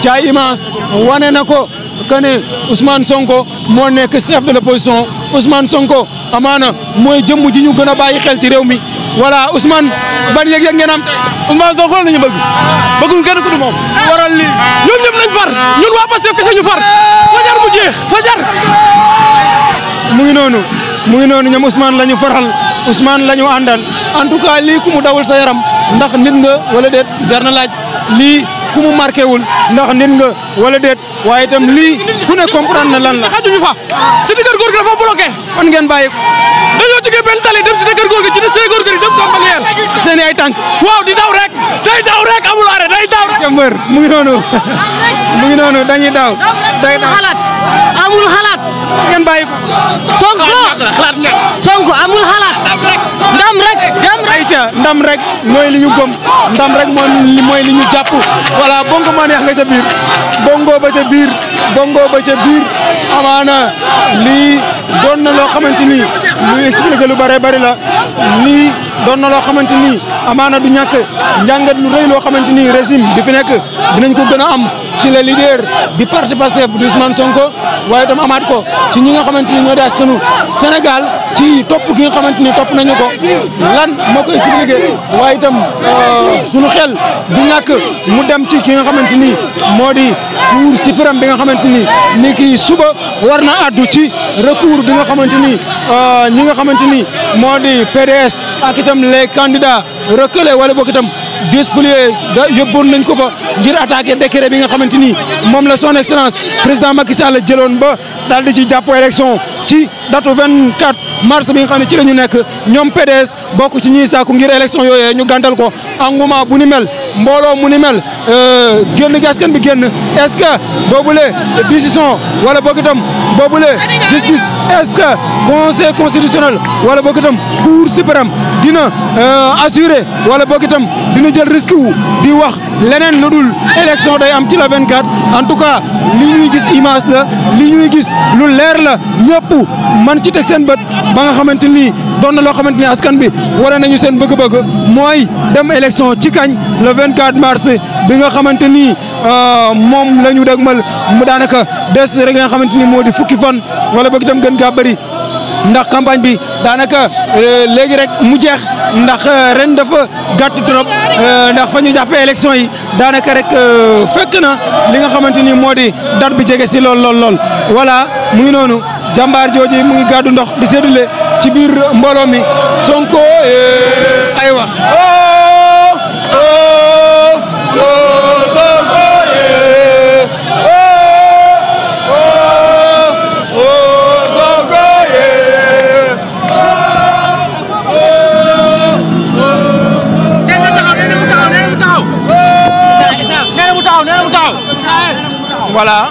Dia Immense wane na ko que ne Ousmane Sonko moo nekk chef de l'opposition Ousmane Sonko amaana mooy jëmm ji ñu gën a bàyyi xel ci réew mi voilà Ousmane ban yeg yëg ngeen am tey Ousmane Sonko la ñu bëgg bëggul kenn ku du waral li ñoom ñëpp lañ far ñun waa Pastef kese ñu far fajar mu fajar mu ngi noonu mu ngi noonu ñoom Ousmane la ñu faral Ousmane lañu ñu àndal en ku mu dawul sa yaram ndax nit nga wala déet jar na laaj lii ku mu marqué wul ndax nit nga wala déet waaye itam lii ku ne comprendre na lan la. xajuñu fa si diggar góor gi dafa bloqué. fan ngeen bàyyi ko. dañoo jógee benn tali dem si diggar góor gi ci des góor gi dem Kambalière. seen ay tànk. waaw di daw rek. day daw rek amul arrêt day daw rek. mbër mu ngi noonu mu dañuy daw. day daw xalaat amul xalaat. ngeen bàyyi ko. Sonko xalaat nga Sonko amul xalaat. ndam rek ndam rek. ayca li ñu gom ndam rek mooy li ñu jàpp voilà bongo ma neex nga ca biir bongo ba ca biir bongo ba ca biir amaana lii doon na loo xamante ni luy lu bare bari la lii doon na loo xamante ni amaana du ñàkk njàngat lu rëy loo xamante ni régime bi fi nekk dinañ ko gën a am ci le leader di parti Pastef di Ousmane Sonko waaye itam amaat ko ci ñi nga xamante ni ñoo di askanu Sénégal. ci topp ki nga xamante ni topp nañu ko lan moo ko expliqué waaye itam euh, sunu xel du ñàkk mu dem ci ki nga xamante ni moo di cour suprême bi nga xamante ni ni ki suba war na addu ci recours bi nga xamante ni euh, ñi nga xamante ni moo di PDS ak itam les candidats. reculer wala boog itam désplier da yóbboon nañ ko fa ngir attaquer décret bi nga xamante ni moom la soon excellence président Macky Sall jëloon ba daal di ci jàpp élection ci datu 24 mars bi nga xam ne ci la ñu nekk ñoom PDS bokk ci ñiy sàkku ngir élection yooyee ñu gàntal ko engouement bu ni mel. mbooloo mu ni mel euh, génn gi askan bi génn est-ce que boobule décision wala boog itam boobule gis-gis est-ce que conseil constitutionnel wala boog itam cour suprême dina euh, assurer wala boog itam dina jël risque wu di wax leneen lu dul élection day am ci la 24 en tout cas li ñuy gis image la li ñuy gis lu leer la ñëpp man ci teg seen ba nga xamante ni doon na loo xamante ni askan bi wane nañu seen bëgg-bëgg mooy dem élection ci kañ le 24 mars bi nga xamante ni euh, moom la ñu dëgmal mu daanaka des rek nga xamante ni moo di fukki fan wala bëgg dem gën gaa bëri ndax campagne bi daanaka euh, léegi rek mu jeex ndax euh, ren dafa gàtt trop ndax fa ñu jàppee yi daanaka rek fekk na li nga xamante ni moo di date bi jege si lool lool lool voilà mu ngi noonu. jàmbaar jooju mu ngi gàddu ndox di séddale ci biir mbooloo mi Sonko eh, aywa. Eh. voilà.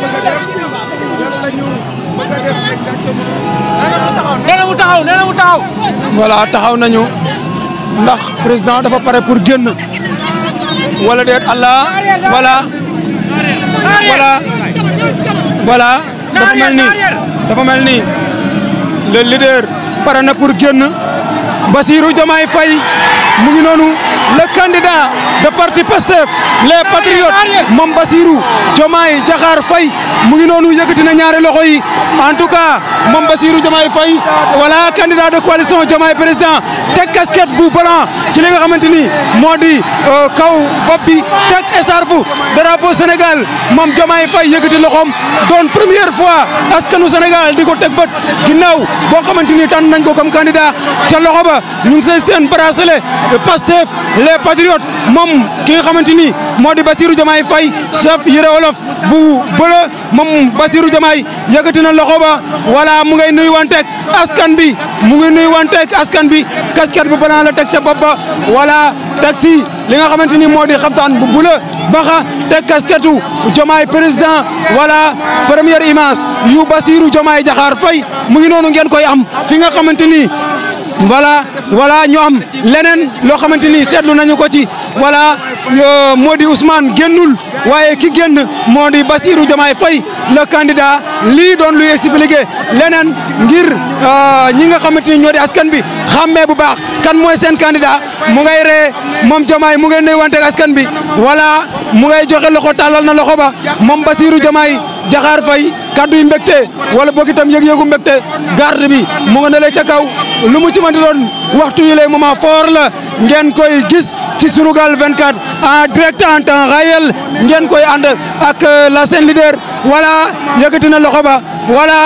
neena taxaw neena taxaw. voilà nañu ndax président dafa pare pour génn wala déet Allah voilà voilà voilà dafa mel ni dafa mel ni le leader pare na pour génn Bassirou Diomaye Faye mu ngi noonu. le candidat de parti PASTEF les patriotes moom Bassirou Diomaye Diakhar Faye mu ngi noonu yëkkati na ñaari loxo yi en tout cas moom Bassirou Diomaye Faye voilà candidat de coalition Diomaye président teg casquette bu blanc ci li nga xamante ni moo di euh, kaw bopp bi teg esarbu drapeau Sénégal moom Diomaye Faye yëkkati loxoom doon première fois nu Sénégal di ko teg bët ginnaaw boo xamante ni tànn nañ ko comme candidat ca loxo ba ñu ngi say seen bracelet PASTEF les patriotes moom ki nga xamante ni moo di Bassirou Diomaye Faye chef yëre olof bu bële moom Bassirou Diomaye yëkkati na loxo ba voilà mu ngay nuyu wanteeg askan bi mu ngi nuyu wanteeg askan bi casquette bu banaa la teg ca bopp ba voilà taxi li nga xamante ni moo di xaftaan bu bula baxa teg casquette u Diomaye président voilà première image yu Bassirou Diomaye Diakhar Faye mu ngi noonu ngeen koy am fi nga xamante ni voilà voilà ñu leneen loo xamante ni seetlu nañu ko ci voilà moo di Ousmane génnul waaye ki génn moo di Bassirou Diomaye Faye le candidat lii doon luy expliqué leneen ngir euh, ñi nga xamante ni ñoo di askan bi xàmmee bu baax kan mooy seen candidat mu ngay ree moom Diomaye mu ngay nuyu wante ak askan bi voilà mu ngay joxe loxo tàllal na loxo ba moom basiiru Diomaye Diakhar Faye kaddu yi mbégte wala boog itam yëg-yëgu mbégte garde bi mu nga ne ca kaw lu mu ci mën di doon waxtu yu lay moment la ngeen koy gis ci Sunugal 24 en direct en temps ngeen koy ànd ak euh, la seen leader wala yëkkati na loxo ba voilà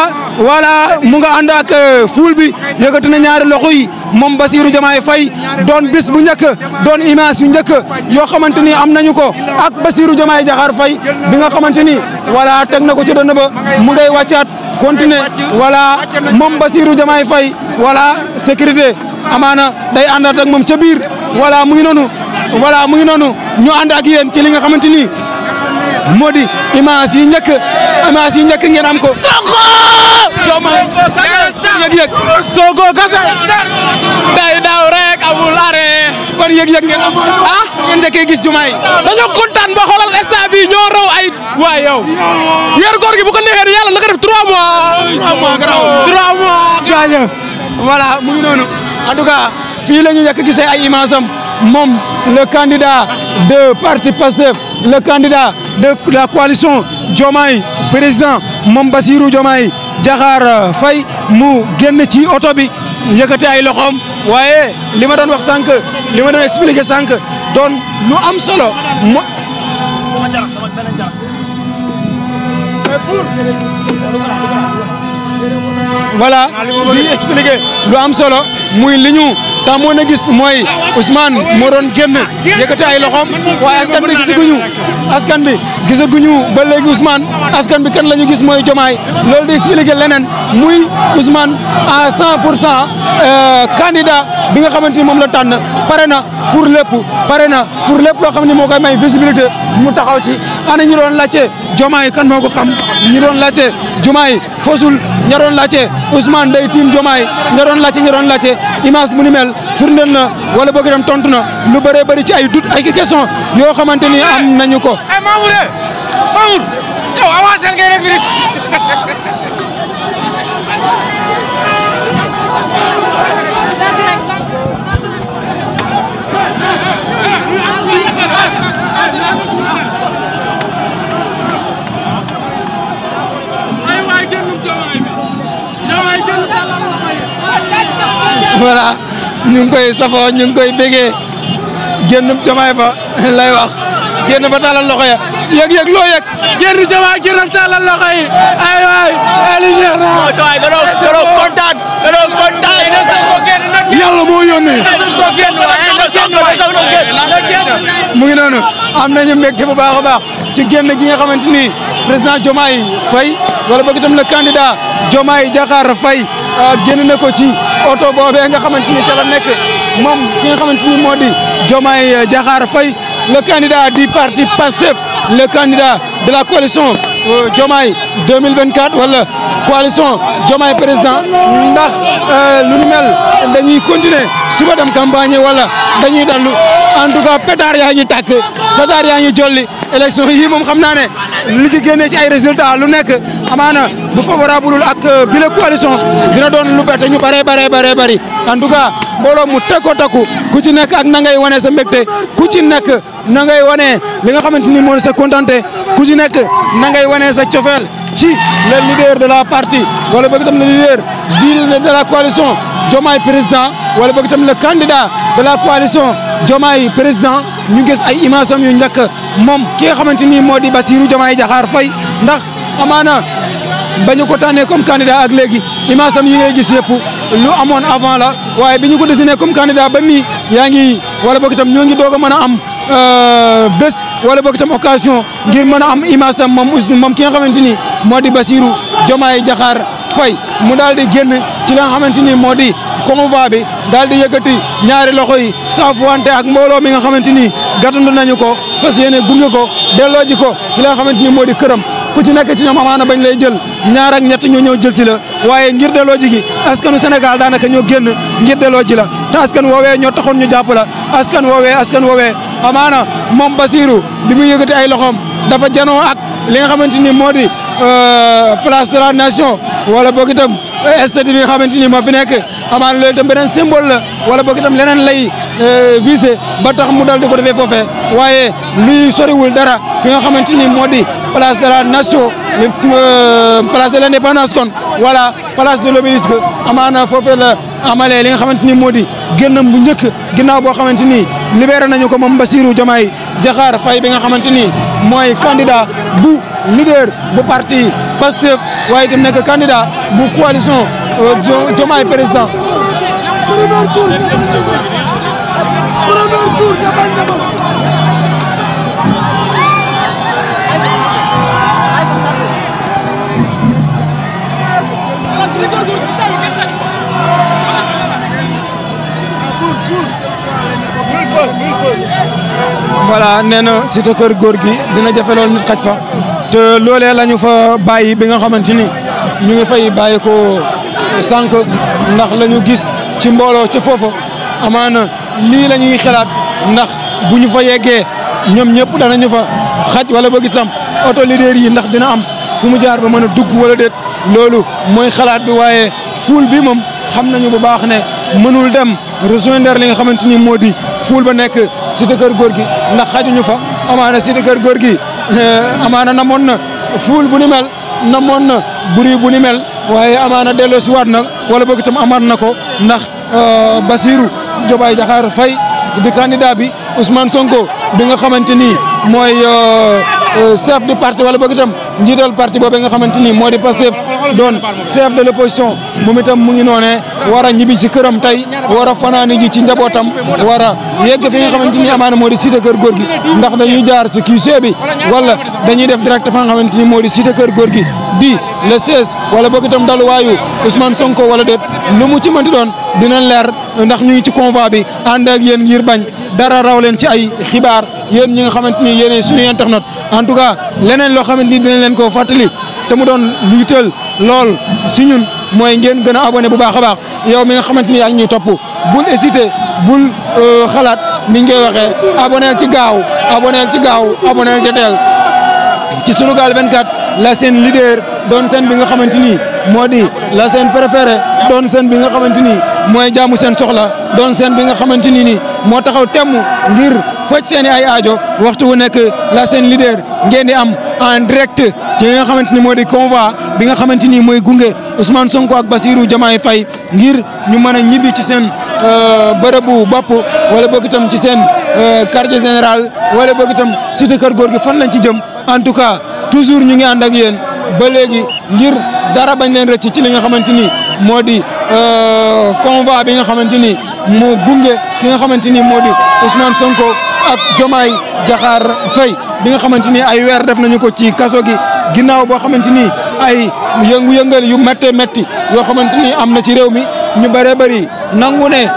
voilà mu nga ànd ak euh, fuul bi yëkkati na ñaari loxo yi moom Bassirou Diomaye Faye doon bis bu njëkk doon image yu njëkk yoo xamante ni am nañu ko ak Bassirou Diomaye Diakhar fay bi nga xamante ni voilà teg na ko ci dënn ba mu ngay wàccaat continuer voilà moom Bassirou Diomaye Faye voilà sécurité amaana day àndaat ak moom ca biir voilà mu ngi noonu voilà mu ngi noonu ñu ànd ak yéen ci li nga xamante ni moo di image yi njëkk image yi njëkk ngeen am ko. yëg-yëg Sonko kase day daw rek amul arrêt kon yëg-yëg ngeen am ah ngeen njëkkee gis jumaa yi dañoo kontaan ba xoolal instant bi ay waay yow weer góor gi bu ko neexee yàlla na ko def trois mois trois mu ngi noonu en tout cas fii la ñu yëkk gisee ay image moom le candidat de parti PASTEF le candidat de la coalition Diomaye président moom Bassirou Diomaye Diakhar Faye mu génn ci oto bi yëkkati ay loxoom waaye li ma doon wax sànq li ma doon expliqué sànq doon lu am solo mo voilà li lu am solo muy li daa mën a gis mooy Ousmane moo doon génn yëkkati ay loxoom waaye askan bi gisaguñu askan bi gisaguñu ba léegi Ousmane askan bi kan la ñu gis mooy Diomaye loolu di expliquer leneen muy Ousmane à cent pour cent euh, candidat bi nga xamante ni moom la tànn pare na pour lépp pare na pour lépp loo xam ne moo koy may visibilité mu taxaw ci ana ñu doon laajte Diomaye kan moo ko xam ñu doon laajte Diomaye fosul ña doon laajte Ousmane day tiim Diomaye ña doon laajte ña doon laajte image mu firndeel na wala boog tontu na lu bëree bëri ci ay doute ay question yoo xamante ni am nañu ko. eh Mamour eh Mamour yow avancé ngay rek nit. voilà ñu ngi koy safoo ñu koy bégee génn jomaay fa lay wax génn ba taalal loxo ya yëg yëg loo yëg génn jomaay génn taalal loxo yi ay waay ali mu ngi noonu am nañu mbégte bu baax a baax ci génn gi nga xamante ni président Diomaye Faye wala boog itam le candidat Euh, génn na ko ci oto boobee nga xamante ni ca nekk moom ki nga xamante ni moo di Diomaye Diakhar Faye le candidat du parti PASTEF le candidat de la coalition Euh, Diomaye 2024 wala coalition Diomaye président ndax euh, lu nu mel dañuy continuer suba dem campagne wala dañuy dallu en tout cas pétard yaa ngi tàkk pétard yaa ngi jolli élection yii moom xam naa ne li ci génnee ci ay résultats lu nekk amaana bu favorable ak euh, bile coalition dina doon lu bett ñu bare bare bare bari en mbooloo mu teko takku ku ci nekk ak na ngay wane sa mbégte ku ci nekk na ngay wanee li nga xamante ni moo sa kontante ku ci nekk na ngay wane sa cofeel ci le leader de la partie wala bëgg tam le leader de la coalition Diomaye président wala bëgg tam le candidat de la coalition Diomaye président ñu gis ay image yu njëkk moom ki nga xamante ni moo di Bassirou Diomaye Diakhar Faye ndax amaana ba ñu ko tànnee comme candidat ak léegi image am yi ngay gis yëpp lu amoon avant la waaye bi ñu ko dessiné comme candidat ba nii yaa ngi wala boog itam ñoo ngi doog a mën a am euh, bés wala boog itam occasion ngir mën a am image am moom us moom ki nga xamante ni moo di Bassirou Diomaye Diakhar Faye mu daal di génn ci li nga xamante ni moo di convoi bi daal di yëkkati ñaari loxo yi saafuwante ak mbooloo mi nga xamante ni gàttandu nañu ko fas yéene gunge ko delloo ji ko ci li nga xamante ni moo di këram. ku ci nekk ci ñoom amaana bañ lay jël ñaar ak ñett ñoo ñëw jël si la waaye ngir delloo ji gi askanu Sénégal daanaka ñoo génn ngir delloo ji la te askan woowee ñoo taxoon ñu jàpp la askan woowee askan woowee amaana moom Basirou bi muy yëkkati ay loxoom dafa janoo ak li nga xamante ni moo di euh, place de la nation wala boog itam stade bi nga xamante ni moo fi nekk. amaana loolu itam beneen symbole la wala boog itam leneen lay euh, visé ba tax mu dal di ko defee foofee waaye luy soriwul dara fi nga xamante ni moo di place de la nation euh, place de l' indépendance kon voilà place de l'obélisque amaana foofee la amalee li nga xamante ni moo di génnam bu njëkk ginnaaw boo xamante ni libéré nañu ko moom Bassirou Diomaye jakaar Faye bi nga xamante ni mooy candidat bu leader bu parti Pastef waaye itam nekk kandida bu coalition Euh, Diomaye président. premier nee na si te kër góor gi dina jafe lool nit xaj fa te loolee la fa bàyyi bi nga xamante ni ñu ngi fay bàyyi ko. sànq ndax lañu gis ci mbooloo ca foofa amaana lii la ñuy xalaat ndax bu ñu fa yeggee ñoom ñëpp danañu fa xaj wala boog itam oto leader yi ndax dina am fu mu jaar ba mën a dugg wala déet loolu mooy xalaat bi waaye fuul bi moom xam nañu ba baax ne mënul dem rejoindre li nga xamante ni moo di fuul ba nekk cité kër góor gi ndax xajuñu fa amaana cité kër góor gi euh, amaana namoon na fuul bu ni mel. namoon na buri bu ni mel waaye amaana delloo si waat na wala boog itam amaat na ko ndax euh, Basirou Diomaye Diakhar Faye di candidat bi Ousmane Sonko bi nga xamante ni mooy euh, euh, chef du parti wala boog tam njiital parti boobu nga xamante ni moo di Pastef doon chef de l'opposition moom itam mu ngi noonee war a ñibbi ci këram tey war a fanaani ji ci njabootam war a yegg fi nga xamante ni amaana moo di cité kër góor gi ndax dañuy jaar ci QG bi wala dañuy def direct fa nga xamante ni moo di cité kër góor gi di le 16 wala boog itam daluwaayu Ousmane Sonko wala déet lu mu ci mënti doon dina leer ndax ñu ngi ci convoi bi ànd ak yéen ngir bañ dara raw leen ci ay xibaar yéen ñi nga xamante ni yéenay suñu internet en tout cas leneen loo xamante ni dinañ leen koo fàttali te doon luital lool si mooy ngeen gën a abonné bu baax a baax yow mi nga xamante ni yaa ngi ñuy topp bul hésité bul euh, xalaat ni ñu koy waxee abonné ci gaaw abonné ci gaaw abonné ci teel ci Sunugal 24 la seen leader doon seen bi nga xamante ni moo di la seen préféré doon seen bi nga xamante ni. mooy jaamu seen soxla doon seen bi nga xamante ni ni moo taxaw temm ngir faj seen i ay ajo waxtu wu nekk la seen leader ngeen di am en direct ci nga xamante ni moo di convoi bi nga xamante ni mooy gunge Ousmane Sonko ak Basirou Diomaye fay ngir ñu mën a ñibbi ci seen euh, bërëbu bopp wala boog itam ci seen euh, quartier général wala boog itam cité kër góor fan lañ ci jëm en tout cas toujours ñu ngi ànd ak yéen ba léegi ngir dara bañ leen rëcc ci li nga xamante ni moo di Euh, convoi bi nga xamante ni moo gunge ki nga xamante ni moo di Ousmane Sonko ak Jomaay Jaxaar Fay bi nga xamante ni ay weer def nañu ko ci kaso gi ginnaaw boo xamante ni ay yëngu-yëngal yu méttee métti yoo xamante ni am na ci réew mi ñu bëree bëri nangu ne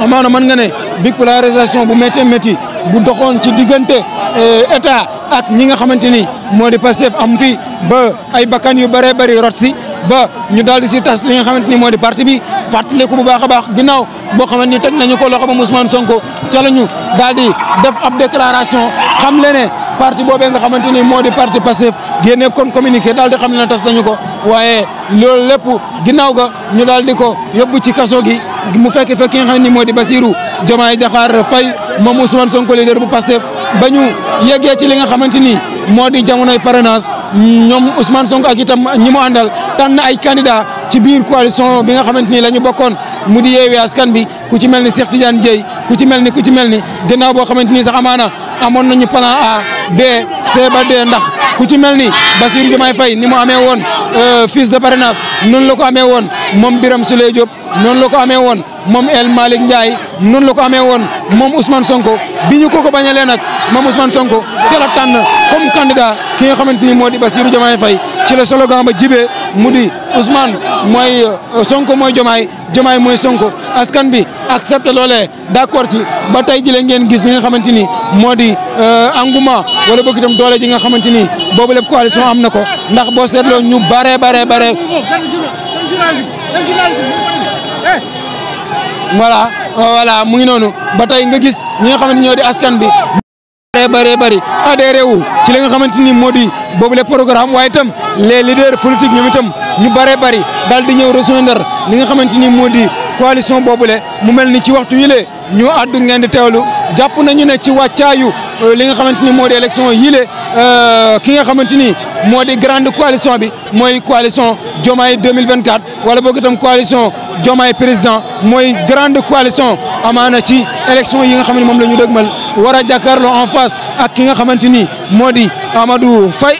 amaana mën nga ne bipolarisation bu méttee métti bu ci diggante eh, état ak ñi nga xamante ni moo di Pastef am fi ba ay bakkan yu bëree bëri rot si ba ñu daal di si tas li nga xamante ni moo di parti bi fàttaliku bu baax a baax ginnaaw boo xamante ni teg nañu ko loxo ba Ousmane Sonko ca la ñu daal di def ab déclaration xam le ne parti boobee nga xamante ni moo di parti Pastef génne kon communiqué daal di xam ne tas nañu ko waaye loolu lépp ginnaaw ga ñu daal di ko yóbbu ci kaso gi mu fekk fekk nga xam ne moo di Basirou Diomaye Diakhar Faye moom Ousmane Sonko leader bu Pastef ba ñu yeggee ci li nga xamante ni moo di jamonoy parrainage ñoom Ousmane Sonko ak itam ñi mu àndal tànn ay candidat ci biir coalition bi nga xamante ni la bokkoon mu di yeewee askan bi ku ci mel ni Cheikh Tidiane Dieye ku ci mel ni ku ci mel ni gannaaw boo xamante ni sax amaana amoon nañu plan A B C ba ndax ku ci mel ni Bassirou Diomaye Faye ni mu amee woon euh, fils de parrainage noonu la ko amee woon moom biram Souleye Diop noonu la ko amee woon moom El Malick Ndiaye noonu la ko amee woon moom Ousmane Sonko bi ñu ko ko bañalee nag moom Ousmane Sonko ca la tànn comme candidat ki nga xamante ni moo di Bassirou Diomaye Faye ci solo slogan ba jibe mu di Ousmane mooy euh, Sonko mooy Jomaay Jomaay mooy Sonko askan bi accepté loolee d'accord ci ba tey ji ngeen gis li nga xamante ni moo di euh, engouement wala bëgg itam doole ji nga xamante ni boobu lépp coalition am na ko ndax boo seetloo ñu bare bare bare voilà euh, voilà mu ngi noonu ba tey nga gis ñi nga xamante ñoo di askan bi bëree bëree bëri wu ci li nga xamante ni moo di boobu le programme waaye itam les leaders politiques ñoom itam ñu bëree bari daal di ñëw rejoindre li nga xamante ni moo di coalition boobule mu mel ni ci waxtu le ñu àddu ngeen di teewlu jàpp nañu ne ci wàccaayu euh, li nga xamante ni moo di élection yile euh, ki nga xamante ni moo di grande coalition bi mooy coalition Diomaye 2024 wala boog itam coalition Diomaye président mooy grande coalition amaana ci élection yi nga xam ne moom la ñu dëgmal war a jàkkaarloo en face ak ki nga xamante ni moo di Amadou Faye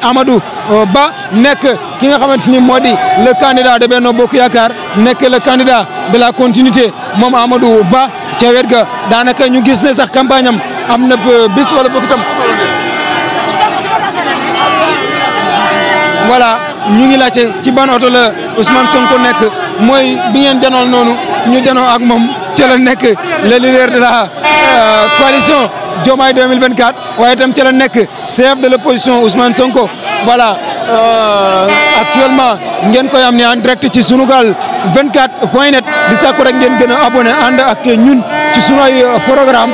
euh, Ba nekk ki nga xamante ni moo di le candidat de Benno Bokk Yaakaar nekk le candidat de la continuité moom Amadou Ba ca ga daanaka ñu gis ne sax campagne am am na euh, bis wala bokk itam voilà ñu ngi laajte ci ban oto la Ousmane Sonko nekk mooy bi ngeen janoon noonu ñu janoo ak moom ci la nekk le leader de la euh, coalition Diomaye 2024 waaye tam ci la nekk chef de l' opposition Ousmane Sonko voilà euh, actuellement ngeen koy am ne en direct ci Sunugal 24 point net di sàkku rek ngeen gën a abonné ànd ak ñun ci sunu ay euh, programme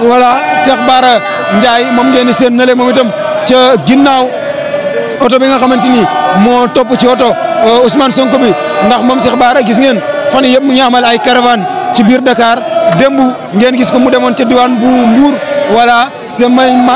voilà Cheikh Bara Ndiaye moom ngeen seen nale moom itam ca ginnaaw oto bi nga xamante ni moo topp ci oto Ousmane Sonko bi ndax moom Cheikh Bara gis ngeen fan yëpp mu ngi amal ay caravane ci biir Dakar démb ngeen gis ko mu demoon ca diwaan bu Mbour voilà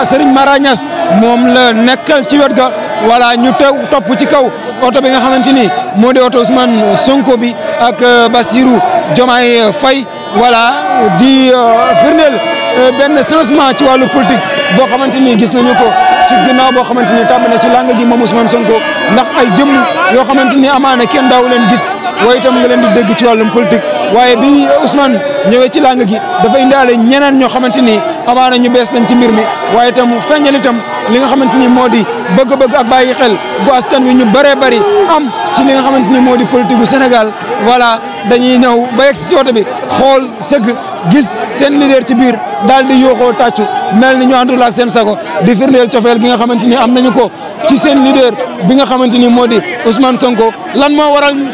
Serigne Mara Niass moom la nekkal ci wet ga voilà ñu teew topp ci kaw oto bi nga xamante ni moo di oto Ousmane Sonko bi ak euh, Bassirou Diomaye fay voilà di euh, firndeel euh, benn changement ci wàllu politique boo xamante ni gis nañu ko. ci ginnaaw boo xamante ni tàmm na ci làng gi moom Ousmane Sonko ndax ay jëmm yoo xamante amaana kenn daaw leen gis waaye itam nga leen di dégg ci wàllum politique waaye bi Ousmane ñëwee ci làng gi dafa indaale ñeneen ñoo xamante ni amaana ñu bees nañ ci mbir mi waaye itam feeñal itam li nga xamante ni moo di bëgg-bëgg a bàyyi xel gu askan wi ñu bëree bëri am ci li nga xamante ni moo di politique gu Sénégal voilà dañuy ñëw ba egsi bi xool sëgg gis seen leader ci biir daal di yooxoo tacu mel ni ñu àndul ak seen sago di firndeel cofeel gi nga xamante ni am nañu ko ci seen leader bi nga xamante ni moo di Ousmane Sonko lan moo waral.